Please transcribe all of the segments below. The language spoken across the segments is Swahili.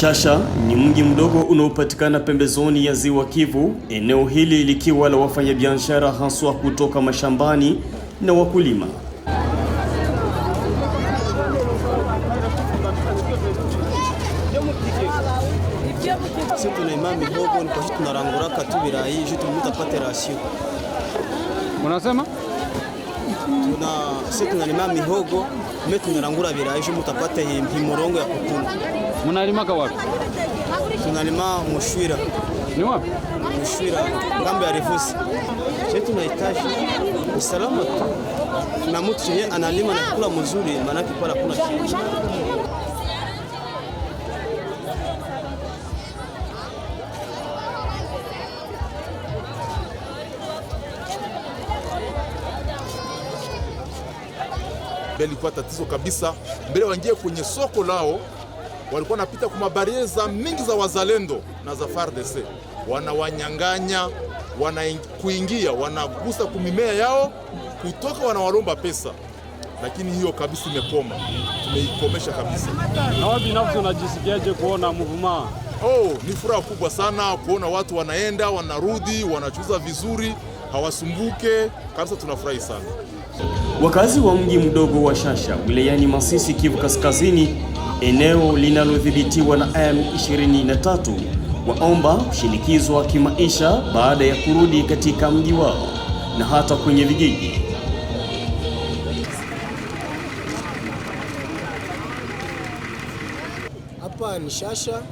Shasha ni mji mdogo unaopatikana pembezoni ya Ziwa Kivu, eneo hili likiwa la wafanyabiashara haswa kutoka mashambani na wakulima. Unasema? tunalimaka mihogo me tunarangura birayi je mutapata himirongo ya kukuna. Munalimaka wapi? Tunalima mushwira. Ni wapi? Mushwira ngambe ya Refusi. Je tunahitaji usalama tu na mtu yeye analima na kula mzuri maana kipala kuna kitu. mbele ilikuwa tatizo kabisa. Mbele waingie kwenye soko lao, walikuwa wanapita kwa mabarie za mingi za wazalendo na za FARDC, wanawanyang'anya, kuingia, wanagusa kumimea yao, kutoka wanawaromba pesa, lakini hiyo kabisa imekoma, tumeikomesha kabisa. Na wewe binafsi unajisikiaje kuona mvuma? Oh, ni furaha kubwa sana kuona watu wanaenda wanarudi, wanachuza vizuri, hawasumbuke kabisa, tunafurahi sana. Wakazi wa mji mdogo wa Shasha wilayani Masisi, Kivu Kaskazini, eneo linalodhibitiwa na M23 waomba kushinikizwa kimaisha baada ya kurudi katika mji wao na hata kwenye vijiji. Hapa ni Shasha,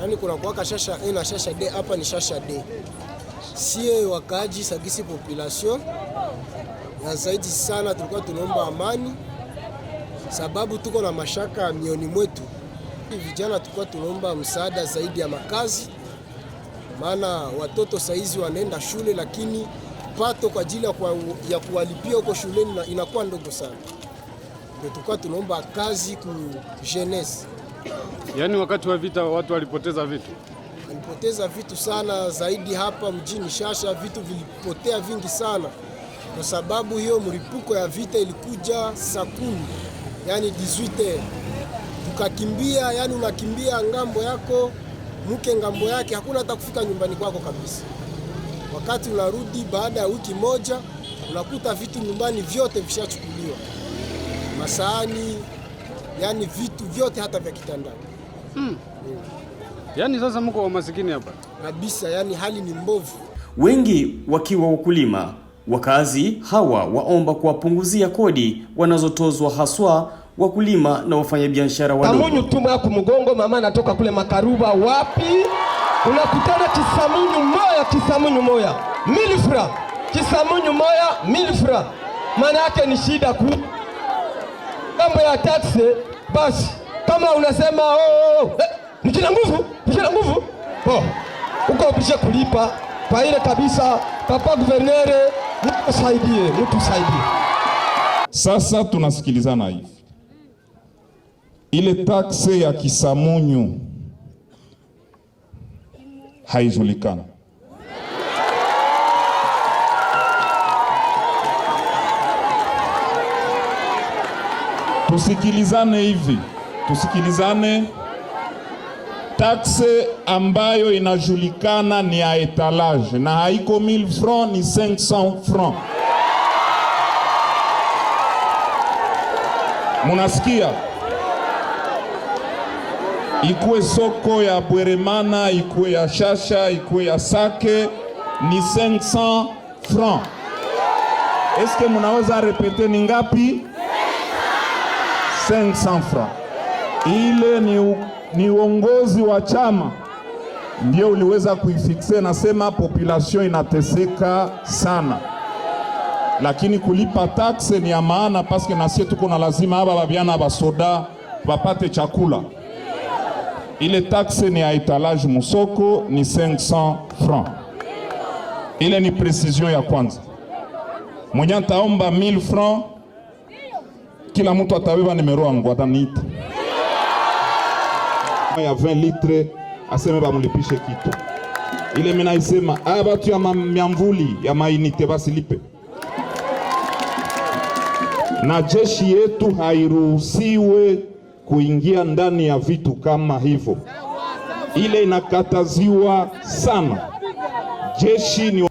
yaani kuna kuwaka Shasha A na Shasha D. Hapa ni Shasha D sie wakaji sagisi population na zaidi sana, tulikuwa tunaomba amani sababu tuko na mashaka mioni mwetu. Vijana tulikuwa tunaomba msaada zaidi ya makazi, maana watoto saizi wanaenda shule, lakini pato kwa ajili ya kuwalipia huko shuleni inakuwa ndogo sana. Ndio tulikuwa tunaomba kazi ku jeunesse. Yani wakati wa vita watu walipoteza vitu alipoteza vitu sana zaidi hapa mjini Shasha, vitu vilipotea vingi sana kwa sababu hiyo mlipuko ya vita ilikuja saa kumi, yani 18 tukakimbia, yani unakimbia ngambo yako mke ngambo yake, hakuna hata kufika nyumbani kwako kabisa. Wakati unarudi baada ya wiki moja, unakuta vitu nyumbani vyote vishachukuliwa, masahani, yani vitu vyote hata vya kitandani mm. mm. Yaani sasa mko wa masikini hapa kabisa, yani hali ni mbovu, wengi wakiwa wakulima. Wakazi hawa waomba kuwapunguzia kodi wanazotozwa haswa wakulima na wafanyabiashara wadogo. Samunyu tuma ya mgongo, mama anatoka kule makaruba wapi, unakutana kisamunyu moya, kisamunyu moya milifra, kisamunyu moya milifra, maana yake ni shida ku mambo ya takse. Basi kama unasema oh, oh, eh nikina nguvu, nikina nguvu. Oh. Uko oblige kulipa kwa ile kabisa. Papa guvernere, mtusaidie, mtusaidie. Sasa tunasikilizana hivi. Ile takse ya kisamunyu haijulikana. Tusikilizane hivi. Tusikilizane taxe ambayo inajulikana ni ya etalage na haiko 1000 francs ni 500 francs. Munasikia, ikuwe soko ya Bweremana, ikuwe ya Shasha, ikuwe ya Sake ni 500 francs. Eske munaweza repete ni ngapi? 500 francs. Ile ni ni uongozi wa chama ndio uliweza kuifikse. Nasema population inateseka sana, lakini kulipa takse ni ya maana, paske nasie tuko na lazima aba babyana basoda bapate chakula. Ile takse ni ya etalage musoko ni 500 francs. Ile ni precision ya kwanza. Mwenye ataomba 1000 francs, kila mtu atabeba nimero yangu ataniita ya 20 litre aseme bamlipishe kitu ile. Mina isema aya ah, batu ya myamvuli ya mainite basilipe, na jeshi yetu hairuhusiwe kuingia ndani ya vitu kama hivyo, ile inakataziwa sana jeshi ni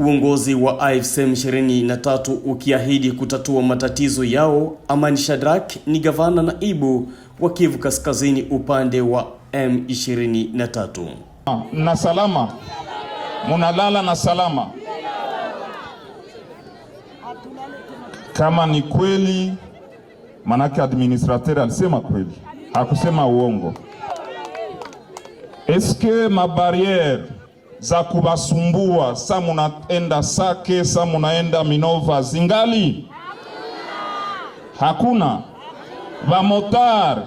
Uongozi wa AFC M23 ukiahidi kutatua matatizo yao, Aman Shadrack ni gavana naibu wa Kivu Kaskazini upande wa M23. Na salama munalala na salama. Kama ni kweli, manake administrateur alisema kweli, hakusema uongo. Eske mabariere za kubasumbua. Sa munaenda Sake, sa munaenda Minova, zingali hakuna bamotari.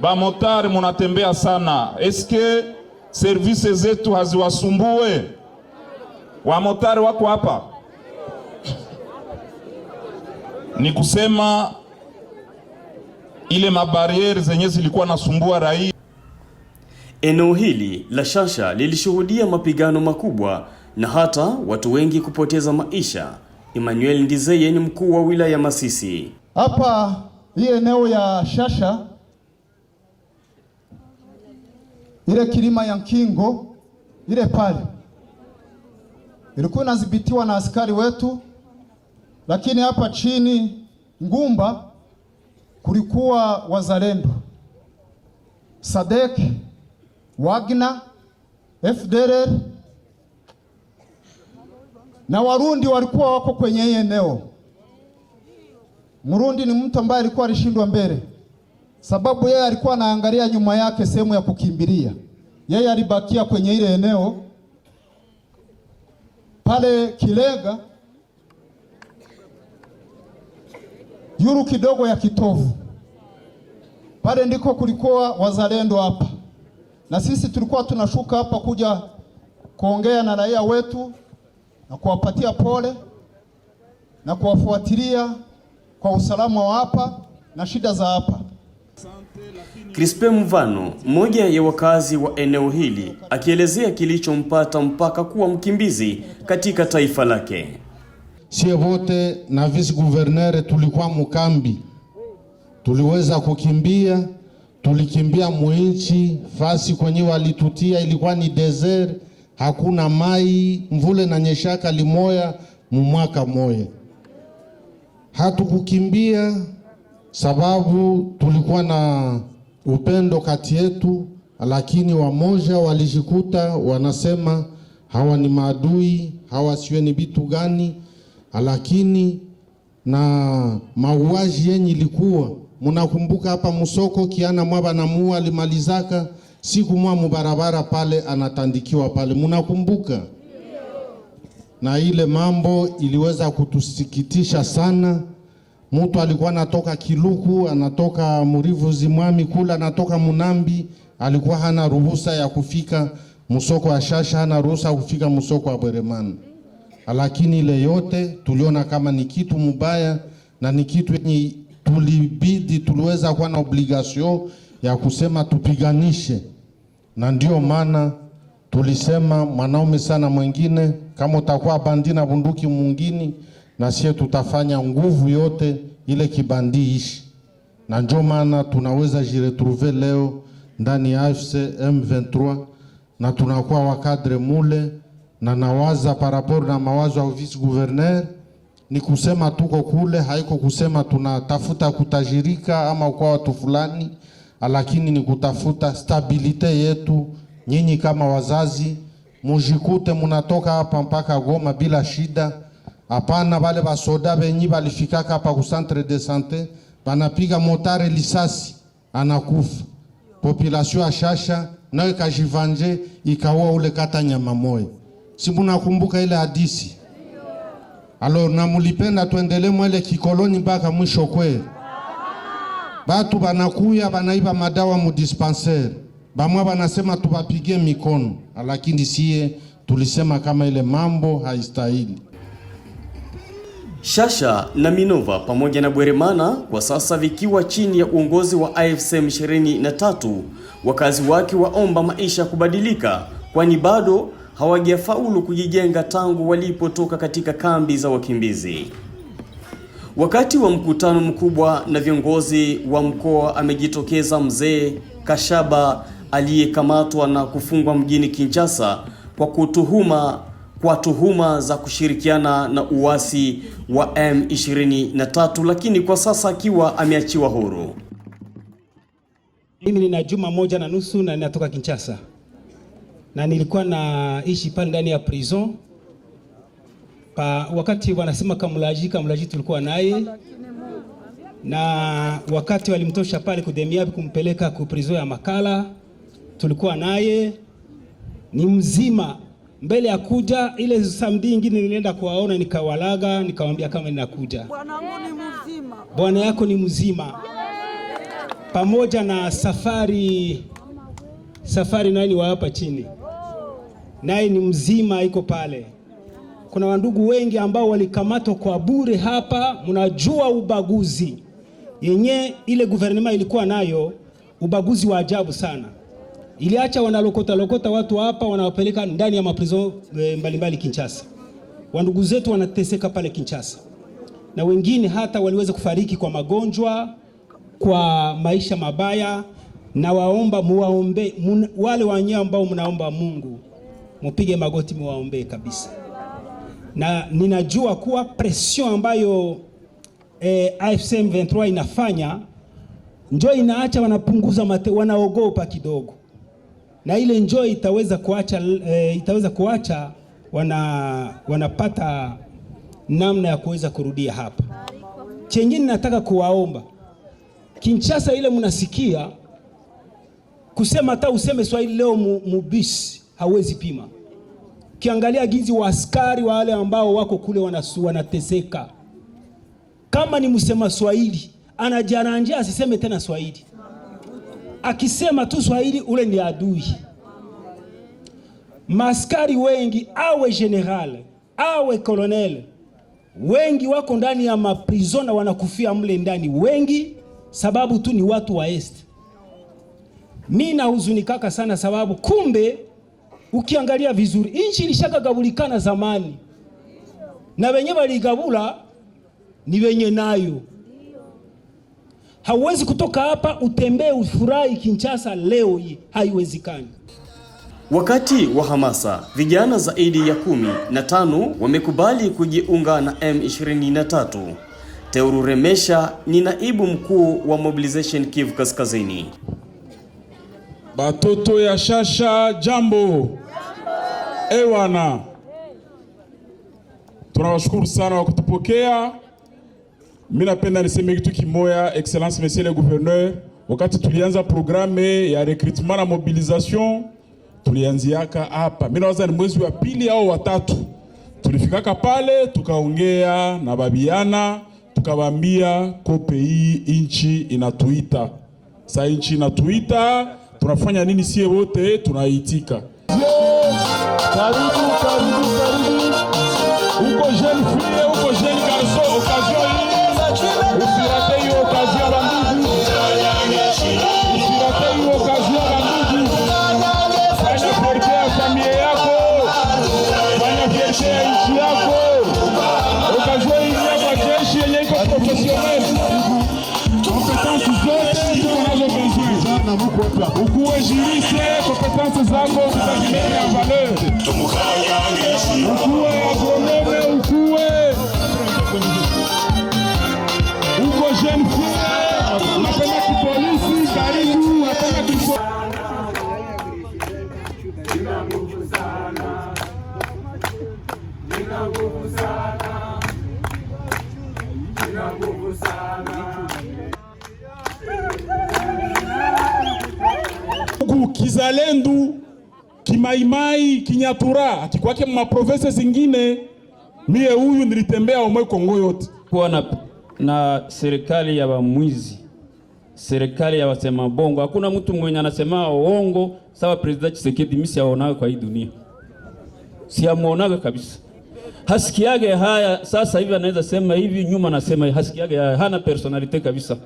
Bamotari munatembea sana, eske servisi zetu haziwasumbue? Wamotari wako hapa, ni kusema ile mabarieri zenye zilikuwa nasumbua raia Eneo hili la Shasha lilishuhudia mapigano makubwa na hata watu wengi kupoteza maisha. Emmanuel Ndizeye ni mkuu wa wilaya Masisi. Hapa hii eneo ya Shasha, ile kilima ya Nkingo ile pale ilikuwa inadhibitiwa na askari wetu, lakini hapa chini Ngumba kulikuwa wazalendo Sadek Wagner, FDLR na Warundi walikuwa wako kwenye hii eneo. Murundi ni mtu ambaye alikuwa alishindwa mbele, sababu yeye alikuwa anaangalia nyuma yake sehemu ya kukimbilia. Yeye alibakia kwenye ile eneo pale Kilega yuru kidogo ya kitovu pale ndiko kulikuwa wazalendo hapa na sisi tulikuwa tunashuka hapa kuja kuongea na raia wetu na kuwapatia pole na kuwafuatilia kwa usalama wa hapa na shida za hapa. Crispe Mvano, mmoja ya wakazi wa eneo hili, akielezea kilichompata mpaka kuwa mkimbizi katika taifa lake. Sie wote na vice gouverneur tulikuwa mkambi, tuliweza kukimbia tulikimbia muichi fasi kwenye walitutia ilikuwa ni desert, hakuna mai, mvule na nyeshaka limoya mumwaka moya. Hatukukimbia sababu tulikuwa na upendo kati yetu, lakini wamoja walijikuta wanasema hawa ni maadui, hawa siwe ni bitu gani, lakini na mauaji yenye ilikuwa Munakumbuka hapa musoko kiana mwaba na mua alimalizaka siku mwa mubarabara pale anatandikiwa pale, munakumbuka? Na ile mambo iliweza kutusikitisha sana. Mtu alikuwa anatoka Kiluku, anatoka Murivu Zimwami kula, anatoka Munambi, alikuwa hana ruhusa ya kufika musoko wa Shasha, hana ruhusa ya kufika musoko wa bweremana Lakini ile yote tuliona kama ni kitu mubaya na ni kitu yenye tulibidi tuliweza kuwa na obligation ya kusema tupiganishe, na ndio maana tulisema mwanaume sana mwingine, kama utakuwa bandi na bunduki mwingine, na sie tutafanya nguvu yote ile kibandi ishi, na ndio maana tunaweza jiretrouver leo ndani ya AFC M23 na tunakuwa wakadre mule na nawaza parapor na mawazo ya vice gouverneur ni kusema tuko kule, haiko kusema tunatafuta kutajirika ama kwa watu fulani, lakini ni kutafuta stabilite yetu. Nyinyi kama wazazi mujikute munatoka hapa mpaka Goma bila shida. Hapana, wale basoda benyi balifikaka hapa ku centre de sante banapiga motare lisasi, anakufa population ashasha nayo ikajivanje ikaua ule kata nyama moyo. Si munakumbuka ile hadisi na mulipenda tuendelee mwele kikoloni mpaka mwisho kwe. Batu banakuya banaiba madawa mu dispensaire, bamwa banasema tubapigie mikono, lakini siye tulisema kama ile mambo haistahili. Shasha na Minova pamoja na Bweremana kwa sasa vikiwa chini ya uongozi wa AFC M23, wakazi wake waomba maisha kubadilika, kwani bado hawajafaulu kujijenga tangu walipotoka katika kambi za wakimbizi. Wakati wa mkutano mkubwa na viongozi wa mkoa, amejitokeza mzee Kashaba aliyekamatwa na kufungwa mjini Kinshasa kwa kutuhuma kwa tuhuma za kushirikiana na uasi wa M23, lakini kwa sasa akiwa ameachiwa huru. Mimi nina juma moja na nusu na ninatoka Kinshasa na nilikuwa naishi pale ndani ya prison pa, wakati wanasema Kamulaji, Kamulaji tulikuwa naye na wakati walimtosha pale kudemiabi kumpeleka ku prison ya Makala tulikuwa naye, ni mzima mbele ya kuja ile samdi ingine nilienda kuwaona nikawalaga, nikawambia kama ninakuja, bwana yako ni mzima. Pamoja na safari safari nani wa hapa chini naye ni mzima, iko pale. Kuna wandugu wengi ambao walikamatwa kwa bure hapa. Mnajua ubaguzi yenye ile guvernema ilikuwa nayo, ubaguzi wa ajabu sana. Iliacha wanalokota lokota watu hapa, wanawapeleka ndani ya maprizo eh, mbalimbali Kinshasa. Wandugu zetu wanateseka pale Kinshasa, na wengine hata waliweza kufariki kwa magonjwa, kwa maisha mabaya. Na waomba muwaombe wale wanyewe ambao mnaomba Mungu mupige magoti muwaombee kabisa, na ninajua kuwa presion ambayo eh, AFC M23 inafanya njoo inaacha wanapunguza mate, wanaogopa kidogo, na ile njoo itaweza kuacha, eh, itaweza kuacha wana, wanapata namna ya kuweza kurudia hapa. Chengine nataka kuwaomba Kinshasa, ile mnasikia kusema hata useme Swahili leo mubisi hawezi pima. Kiangalia wa askari wale ambao wako kule wanasua wanateseka. Kama ni msema Swahili anajaranja asiseme tena Swahili, akisema tu Swahili ule ni adui. Maskari wengi awe general awe kolonel, wengi wako ndani ya maprizo na wanakufia mle ndani, wengi sababu tu ni watu wa est. Mi nahuzunikaka sana sababu kumbe ukiangalia vizuri nchi ilishagagabulikana zamani, na wenye waligabula ni wenye nayo. Hauwezi kutoka hapa utembee ufurahi Kinshasa leo hii, haiwezekani. Wakati wa hamasa, vijana zaidi ya kumi na tano wamekubali kujiunga na M23. Teuru Remesha ni naibu mkuu wa mobilization Kivu Kaskazini. Batoto ya Shasha, jambo ewana eh, tunawashukuru sana kwa kutupokea. Mimi napenda niseme kitu kimoya, Excellence Monsieur le Gouverneur, wakati tulianza programme ya recrutement na mobilisation tulianziaka hapa. Mimi nawaza ni mwezi wa pili au watatu tulifikaka pale, tukaongea na babiana, tukawaambia kope hii inchi inatuita. Sasa inchi inatuita, tunafanya nini? Sie wote tunaitika Yes. Karibu, karibu, karibu. wako utasimamia valeur, ukue agronome, ukue uko jeune fille, kipolisi, karibu hapana kipo kizalendo Kimaimai, Kinyatura, akikwake provinces zingine. Mie huyu nilitembea omwe Kongo yote kuwa na, na serikali ya bamwizi, serikali ya wasema bongo. Hakuna mtu mwenye anasema uongo sawa President Tshisekedi. Mimi siaonaga kwa hii dunia, siamuonaga kabisa, hasikiage haya. Sasa hivi anaweza sema hivi, nyuma anasema hasikiage haya, hana personality kabisa.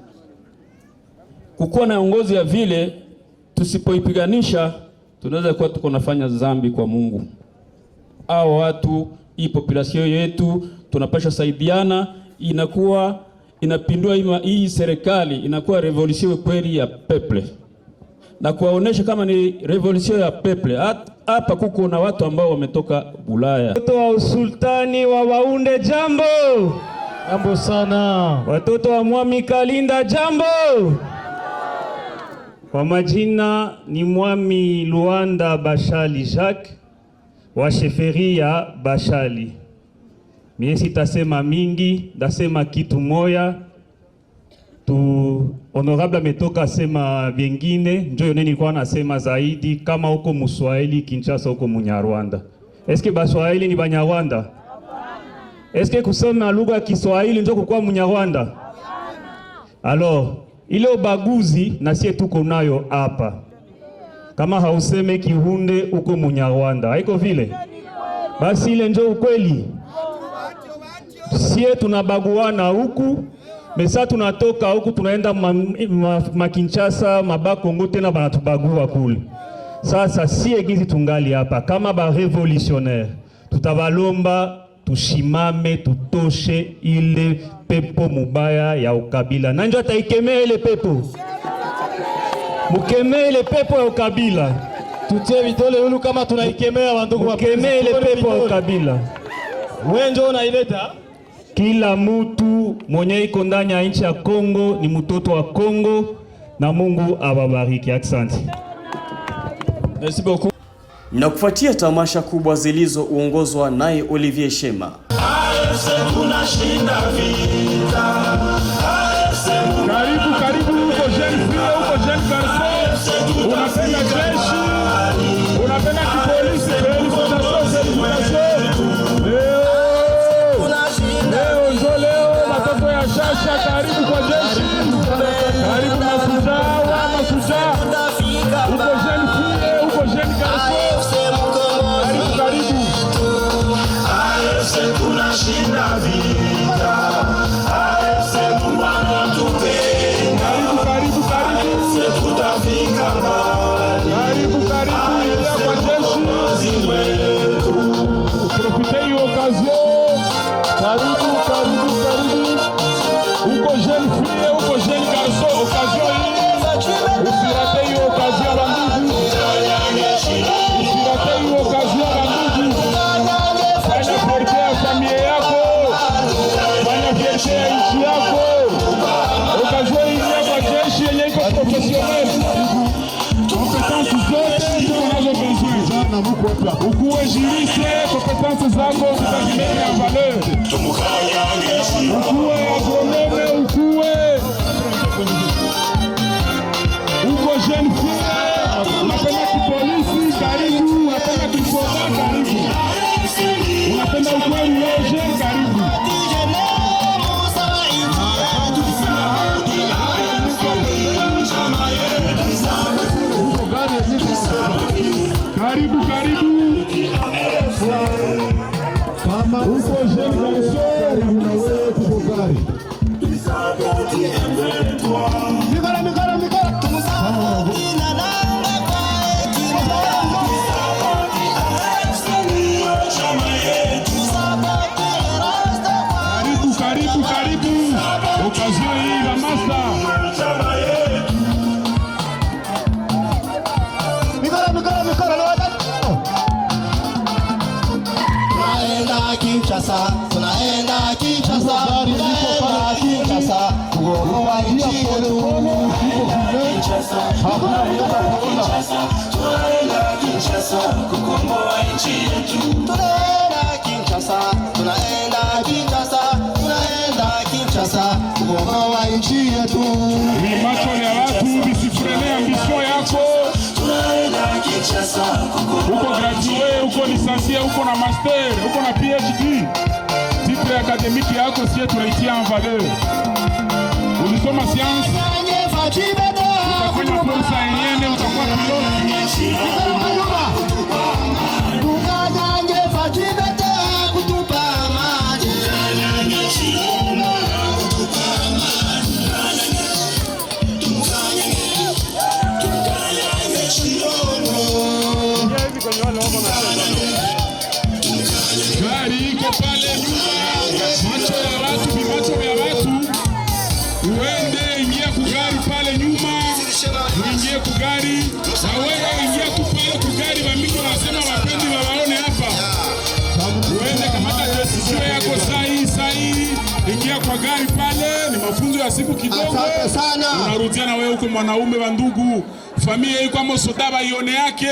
Kukuwa na uongozi ya vile tusipoipiganisha tunaweza kuwa tuko nafanya zambi kwa Mungu au watu, hii population yetu tunapasha saidiana, inakuwa inapindua ima, hii serikali inakuwa revolution kweli ya peple na kuwaonesha kama ni revolution ya peple. Hapa kuko na watu ambao wametoka Bulaya, watoto wa usultani wa Waunde, jambo jambo sana, watoto wa Mwami Kalinda, jambo kwa majina ni Mwami Luanda Bashali Jacques wa sheferi ya Bashali. Mie sitasema mingi, ndasema kitu moya tu. Honorable ametoka sema vyengine, njo yone nilikuwa nasema zaidi, kama huko Muswahili Kinshasa, huko Munyarwanda. Eske Baswahili ni Banyarwanda? Eske kusema lugha ya Kiswahili njo kukuwa Munyarwanda? Alors ile ubaguzi na sie tuko nayo hapa. Kama hauseme Kihunde uko Munyarwanda, haiko vile basi, ile njo ukweli. Sie tunabaguana huku mesa, tunatoka huku tunaenda Makinshasa ma, ma Mabakongo, tena banatubagua kule. Sasa sie gizi tungali hapa kama ba revolutionnaire, tutabalomba tusimame, tutoshe ile pepo mubaya ya ukabila, na njo ataikemea ile pepo, mukemee ile pepo ya ukabila, tutie vitole lulu kama tunaikemea bandugu, mukemee ile pepo ya ukabila. Wewe unaileta kila mutu mwenye iko ndani ya nchi ya Kongo ni mtoto wa Kongo, na Mungu ababariki. Asante. Merci beaucoup na kufuatia tamasha kubwa zilizoongozwa naye Olivier Shema. 다 아. ukuwajilishe kompetansi zako karibu ukazue hii hamasa. Tunaenda Kinshasa, tunaenda Kinshasa, tunaenda Kinshasa kuokoa nchi yetu. Tunaenda Kinshasa kukomboa nchi yetu. Tunaenda Kinshasa, tunaenda Kinshasa njia tu. Ni macho ya watu bisifrenea mbisho yako uko graduate, uko lisansia, uko na master, uko na PhD, titre akademiki yako sie tunaitia en valeur. Ulisoma science, utakuwa polisi yenyene, utakuwa piloti ni mafunzo ya siku kidogo. Asante sana. Unarudia na wewe huko mwanaume wa ndugu familia iko kwa sodaba ione yake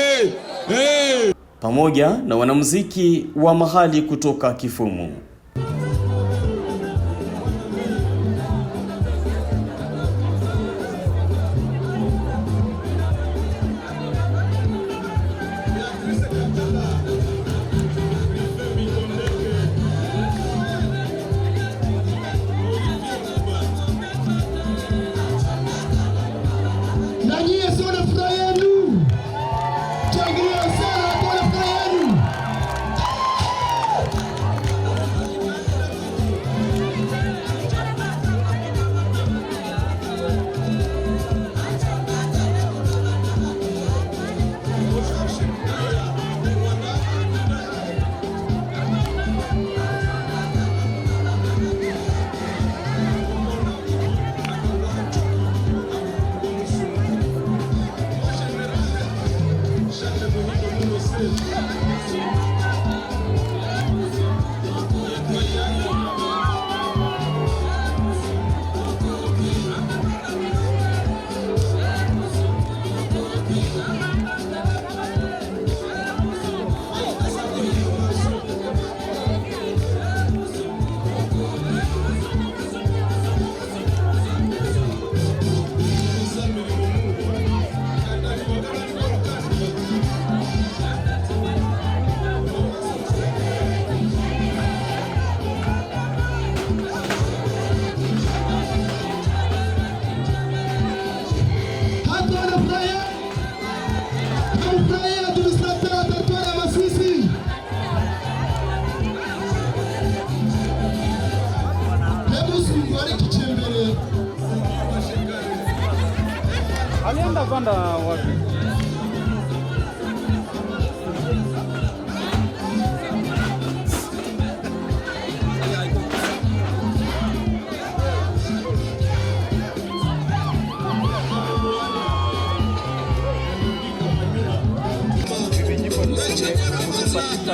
hey. Pamoja na wanamuziki wa mahali kutoka Kifumu. kusababisha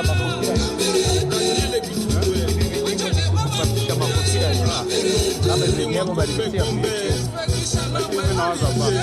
makosa